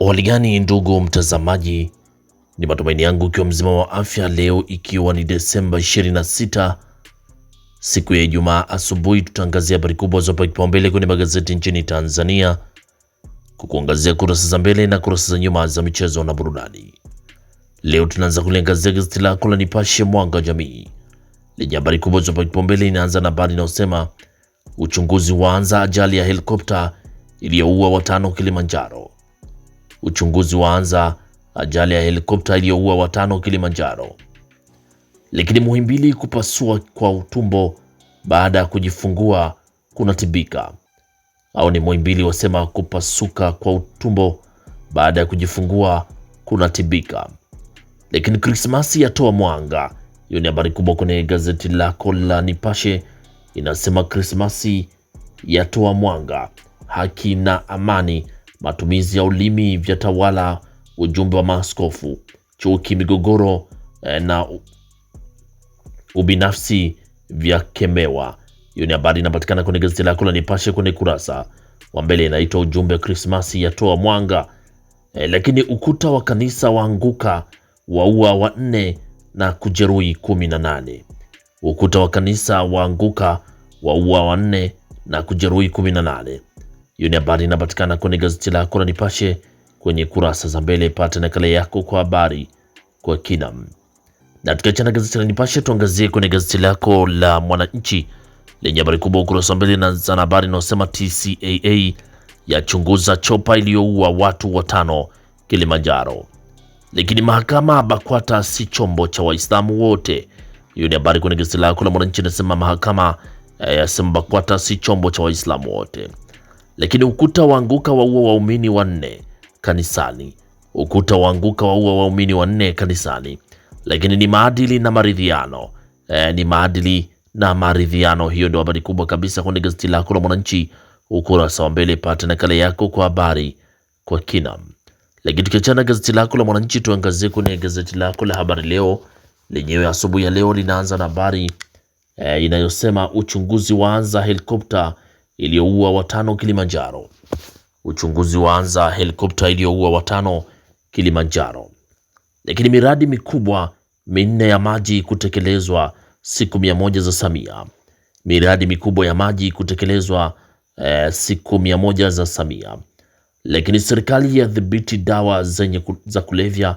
waligani gani ndugu mtazamaji, ni matumaini yangu ikiwa mzima wa afya leo, ikiwa ni Desemba 26 siku ya Ijumaa asubuhi, tutaangazia habari kubwa zopa kipaumbele kwenye magazeti nchini Tanzania, kukuangazia kurasa za mbele na kurasa za nyuma za michezo na burudani. Leo tunaanza kuliangazia gazeti lako la Nipashe Mwanga Jamii lenye habari kubwa zopa kipaumbele. Inaanza na habari inayosema uchunguzi waanza ajali ya helikopta iliyoua watano Kilimanjaro Uchunguzi waanza ajali ya helikopta iliyoua watano Kilimanjaro. Lakini Muhimbili kupasua kwa utumbo baada ya kujifungua kunatibika au ni Muhimbili wasema kupasuka kwa utumbo baada ya kujifungua kunatibika. Lakini Krismasi yatoa mwanga. Hiyo ni habari kubwa kwenye gazeti lako la Nipashe, inasema Krismasi yatoa mwanga, haki na amani matumizi ya ulimi vya tawala, ujumbe wa maaskofu, chuki, migogoro eh, na ubinafsi vya kemewa. Hiyo ni habari inapatikana kwenye gazeti lako la Nipashe kwenye kurasa wa mbele, inaitwa ujumbe wa Krismasi yatoa mwanga. E, lakini ukuta wa kanisa waanguka waua wanne na kujeruhi kumi na nane. Ukuta wa kanisa waanguka waua wanne na kujeruhi kumi na nane. Hiyo ni habari inapatikana kwenye gazeti lako la Nipashe kwenye kurasa za mbele. Pata nakala yako kwa habari kwa kina. Na tukiachana gazeti la Nipashe, tuangazie kwenye gazeti lako la Mwananchi lenye habari kubwa ukurasa wa mbele, na habari inayosema TCAA yachunguza chopa iliyoua watu watano Kilimanjaro. Lakini mahakama, BAKWATA si chombo cha Waislamu wote. Hiyo ni habari kwenye gazeti lako la Mwananchi, inasema mahakama eh, yasema BAKWATA si chombo cha Waislamu wote lakini ukuta waanguka waua waumini wanne kanisani. Ukuta waanguka waua waumini wanne kanisani, lakini ni maadili na maridhiano e, ni maadili na maridhiano. Hiyo ndio habari kubwa kabisa kwenye gazeti lako la Mwananchi ukurasa wa mbele. Pata nakala yako kwa habari kwa kina. Lakini tukiachana gazeti lako la Mwananchi, tuangazie kwenye gazeti lako la Habari Leo lenyewe asubuhi ya leo linaanza na habari e, inayosema uchunguzi waanza helikopta iliyoua watano Kilimanjaro. Uchunguzi waanza helikopta iliyoua watano Kilimanjaro. Lakini miradi mikubwa minne ya maji kutekelezwa siku mia moja za Samia. Miradi mikubwa ya maji kutekelezwa eh, siku mia moja za Samia. Lakini serikali yadhibiti dawa zenye za kulevya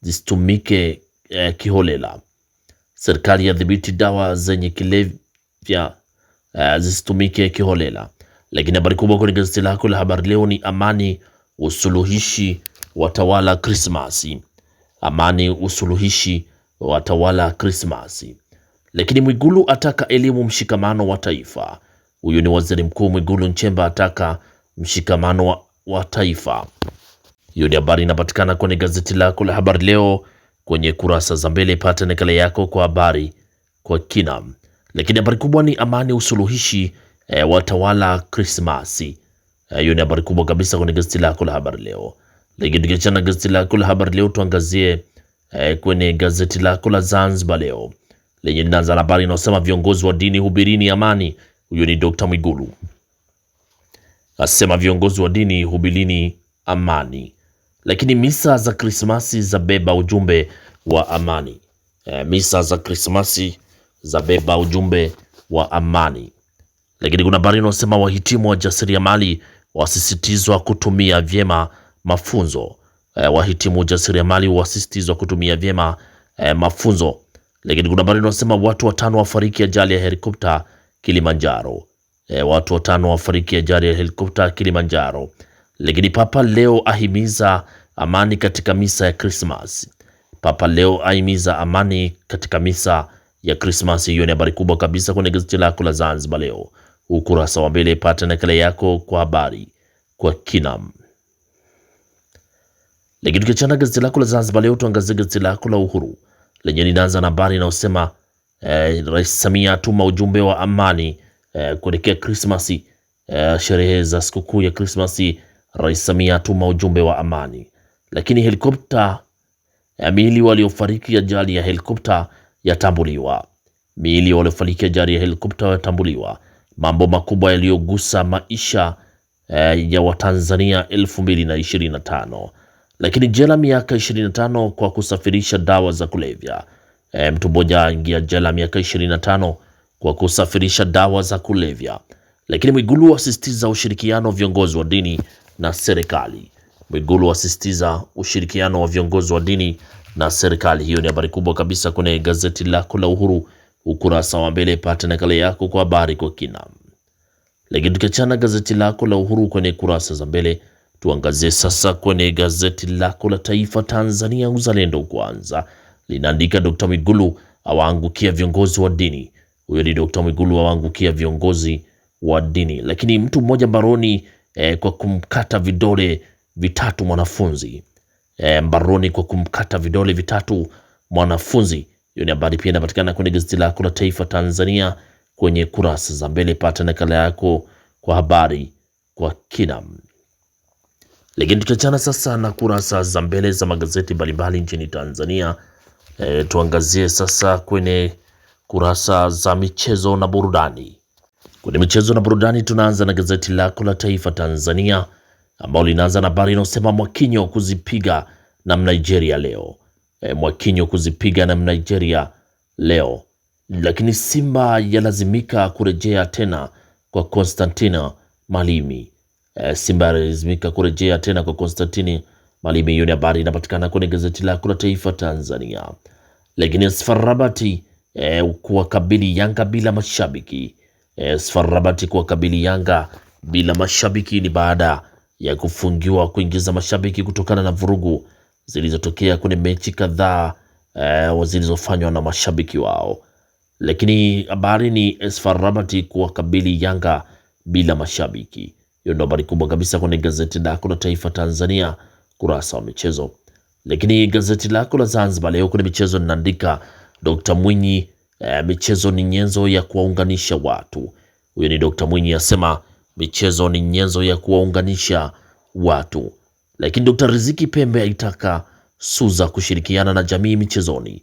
zisitumike eh, kiholela. Serikali yadhibiti dawa zenye kilevya Eh, zisitumike kiholela. Lakini habari kubwa kwenye gazeti lako la habari leo ni amani usuluhishi watawala Krismasi, amani usuluhishi watawala Krismasi. Lakini Mwigulu ataka elimu mshikamano wa taifa. Huyu ni waziri mkuu Mwigulu Nchemba ataka mshikamano wa, wa taifa. Hiyo ni habari inapatikana kwenye gazeti lako la habari leo kwenye kurasa za mbele. Pata nakala yako kwa habari kwa kinam. Lakini habari kubwa ni amani usuluhishi e, eh, watawala Krismasi. Eh, hiyo e, ni habari kubwa kabisa kwenye gazeti lako la habari leo. Lakini tukiachana na gazeti lako la habari leo tuangazie e, kwenye gazeti lako la Zanzibar leo lenye linaanza na habari inayosema viongozi wa dini hubirini amani. Huyo ni Dr. Mwigulu asema viongozi wa dini hubilini amani. Lakini misa za Krismasi za beba ujumbe wa amani. E, misa za Krismasi zabeba ujumbe wa amani. Lakini kuna habari inayosema wahitimu wa jasiriamali wasisitizwa kutumia vyema mafunzo. E, wahitimu wa jasiriamali wasisitizwa kutumia vyema e, mafunzo. Lakini kuna habari inayosema watu watano wafariki ajali ya helikopta Kilimanjaro. E, watu watano wafariki ajali ya helikopta Kilimanjaro. Lakini Papa leo ahimiza amani katika misa ya Krismas. Papa leo ahimiza amani katika misa ya Christmas. Hiyo ni habari kubwa kabisa kwenye gazeti lako la Zanzibar Leo ukurasa wa mbele. Pata nakala yako kwa habari kwa kinam. Lakini tukiachana gazeti lako la Zanzibar Leo, tuangazie gazeti lako la Uhuru lenye linaanza na habari inayosema eh, Rais Samia atuma ujumbe wa amani eh, kuelekea Christmas eh, sherehe za sikukuu ya Christmas. Rais Samia atuma ujumbe wa amani. Lakini helikopta ya eh, miili waliofariki ajali ya helikopta yatambuliwa, miili ya waliofariki ajali ya helikopta yatambuliwa, mambo makubwa yaliyogusa maisha eh, ya Watanzania 2025. Lakini jela miaka 25 kwa kusafirisha dawa za kulevya. E, mtu mmoja aingia jela miaka 25 kwa kusafirisha dawa za kulevya. Lakini Mwigulu asisitiza ushirikiano viongozi wa dini na serikali. Mwigulu asisitiza ushirikiano wa viongozi wa dini na serikali. Hiyo ni habari kubwa kabisa kwenye gazeti lako la Uhuru ukurasa wa mbele, pata nakala yako kwa habari kwa kina. Lakini tukiachana gazeti lako la Uhuru kwenye kurasa za mbele, tuangazie sasa kwenye gazeti lako la Taifa Tanzania Uzalendo kwanza linaandika Dr. Mwigulu awaangukia viongozi wa dini. Huyo ni Dr. Mwigulu awaangukia viongozi wa dini, lakini mtu mmoja baroni eh, kwa kumkata vidole vitatu mwanafunzi e, mbaroni kwa kumkata vidole vitatu mwanafunzi. Hiyo ni habari pia inapatikana kwenye gazeti lako la Taifa Tanzania kwenye kurasa za mbele. Pata nakala yako kwa habari kwa kina. Lakini tutachana sasa na kurasa za mbele za magazeti mbalimbali nchini Tanzania, e, tuangazie sasa kwenye kurasa za michezo na burudani. Kwenye michezo na burudani tunaanza na gazeti lako la Taifa Tanzania ambao linaanza na habari inayosema Mwakinyo kuzipiga na Nigeria leo. E, Mwakinyo kuzipiga na Nigeria leo. Lakini Simba yalazimika kurejea tena kwa Constantino Malimi. E, Simba yalazimika kurejea tena kwa Constantino Malimi. Hiyo ni habari inapatikana kwenye gazeti lako la Taifa Tanzania. Lakini Sfar Rabati e, kuwakabili Yanga bila mashabiki. E, Sfar Rabati kuwakabili Yanga bila mashabiki ni baada ya kufungiwa kuingiza mashabiki kutokana na vurugu zilizotokea kwenye mechi kadhaa e, zilizofanywa na mashabiki wao. Lakini habari ni Esfar Rabati kuwakabili Yanga bila mashabiki. Hiyo ndio habari kubwa kabisa kwenye gazeti lako la Taifa Tanzania kurasa wa michezo. Lakini gazeti lako la Zanzibar Leo kwenye michezo linaandika Dr. Mwinyi e, michezo ni nyenzo ya kuwaunganisha watu. Huyo ni Dr. Mwinyi asema michezo ni nyenzo ya kuwaunganisha watu. Lakini Dr. Riziki Pembe alitaka Suza kushirikiana na jamii michezoni.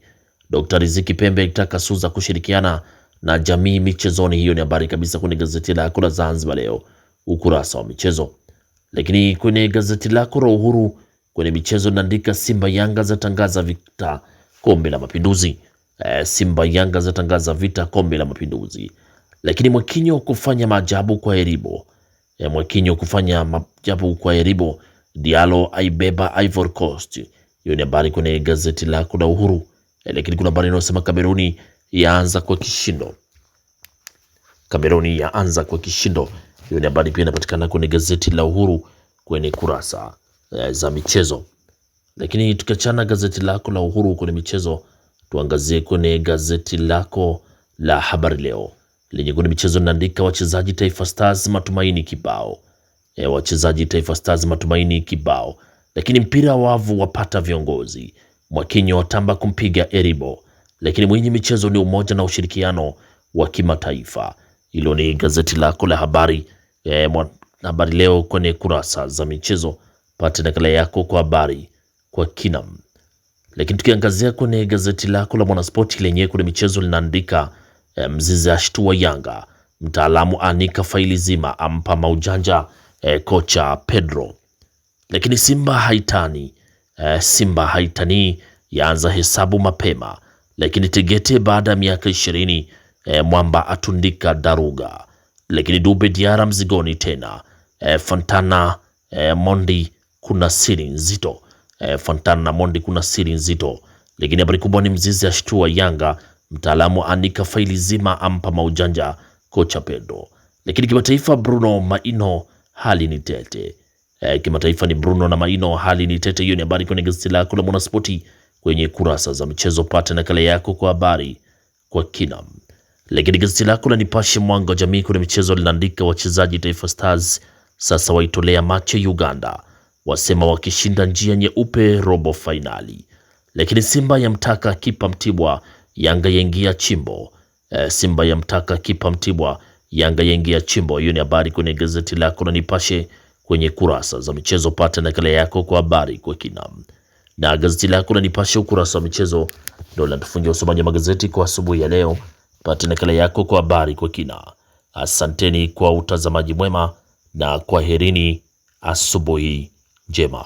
Dr. Riziki Pembe alitaka Suza kushirikiana na jamii michezoni. Hiyo ni habari kabisa kwenye gazeti lako la Zanzibar Leo ukurasa wa michezo. Lakini kwenye gazeti lako la Uhuru kwenye michezo naandika Simba Yanga zatangaza vita kombe la mapinduzi. E, Simba Yanga zatangaza vita kombe la mapinduzi lakini Mwakinyo kufanya maajabu kwa Eribo. E, Mwakinyo kufanya maajabu kwa Eribo. Dialo aibeba Ivory Coast. Hiyo ni habari kwenye gazeti la la Uhuru, E, lakini kuna habari inayosema Kameruni yaanza kwa kishindo. Kameruni yaanza kwa kishindo. Hiyo ni habari pia inapatikana kwenye gazeti la Uhuru kwenye kurasa e, za michezo. Lakini tukiachana gazeti lako la Uhuru kwenye michezo, tuangazie kwenye gazeti lako la Habari Leo lenye goli michezo linaandika wachezaji Taifa Stars matumaini kibao. E, wachezaji Taifa Stars matumaini kibao, lakini mpira wavu wapata viongozi. Mwakinyo watamba kumpiga Eribo, lakini mwenye michezo ni umoja na ushirikiano wa kimataifa. Hilo ni gazeti lako la habari e, habari leo kwenye kurasa za michezo, Pata nakala yako kwa habari kwa kinam. Lakini tukiangazia kwenye gazeti lako la Mwanaspoti lenye kwenye michezo linaandika E, eh, Mzize ashtua Yanga. Mtaalamu anika faili zima ampa maujanja e, kocha Pedro. Lakini Simba haitani e, Simba haitani yaanza hesabu mapema. Lakini Tegete baada ya miaka ishirini e, mwamba atundika daruga. Lakini Dube Diara mzigoni tena e, Fontana e, Mondi kuna siri nzito e, Fontana na Mondi kuna siri nzito. Lakini habari kubwa ni Mzizi ashtua Yanga Mtaalamu aandika faili zima, ampa maujanja kocha Pedro. Lakini kimataifa Bruno Maino, hali ni tete. E, kimataifa ni Bruno na Maino, hali ni tete. Hiyo ni habari kwenye gazeti lako la Mwanaspoti kwenye kurasa za michezo. Pata nakala yako kwa habari kwa kina. Lakini gazeti lako la Nipashe mwanga wa jamii kwenye michezo linaandika wachezaji Taifa Stars sasa waitolea macho Uganda, wasema wakishinda njia nyeupe robo fainali. Lakini Simba yamtaka kipa Mtibwa Yanga yaingia chimbo. E, Simba ya mtaka kipa Mtibwa. Yanga yaingia chimbo. Hiyo ni habari kwenye gazeti lako la Nipashe kwenye kurasa za michezo. Pata nakala yako kwa habari kwa kina na gazeti lako la Nipashe ukurasa wa michezo ndio linatufungia usomaji wa magazeti kwa asubuhi ya leo. Pata nakala yako kwa habari kwa kina. Asanteni kwa utazamaji mwema na kwaherini, asubuhi njema.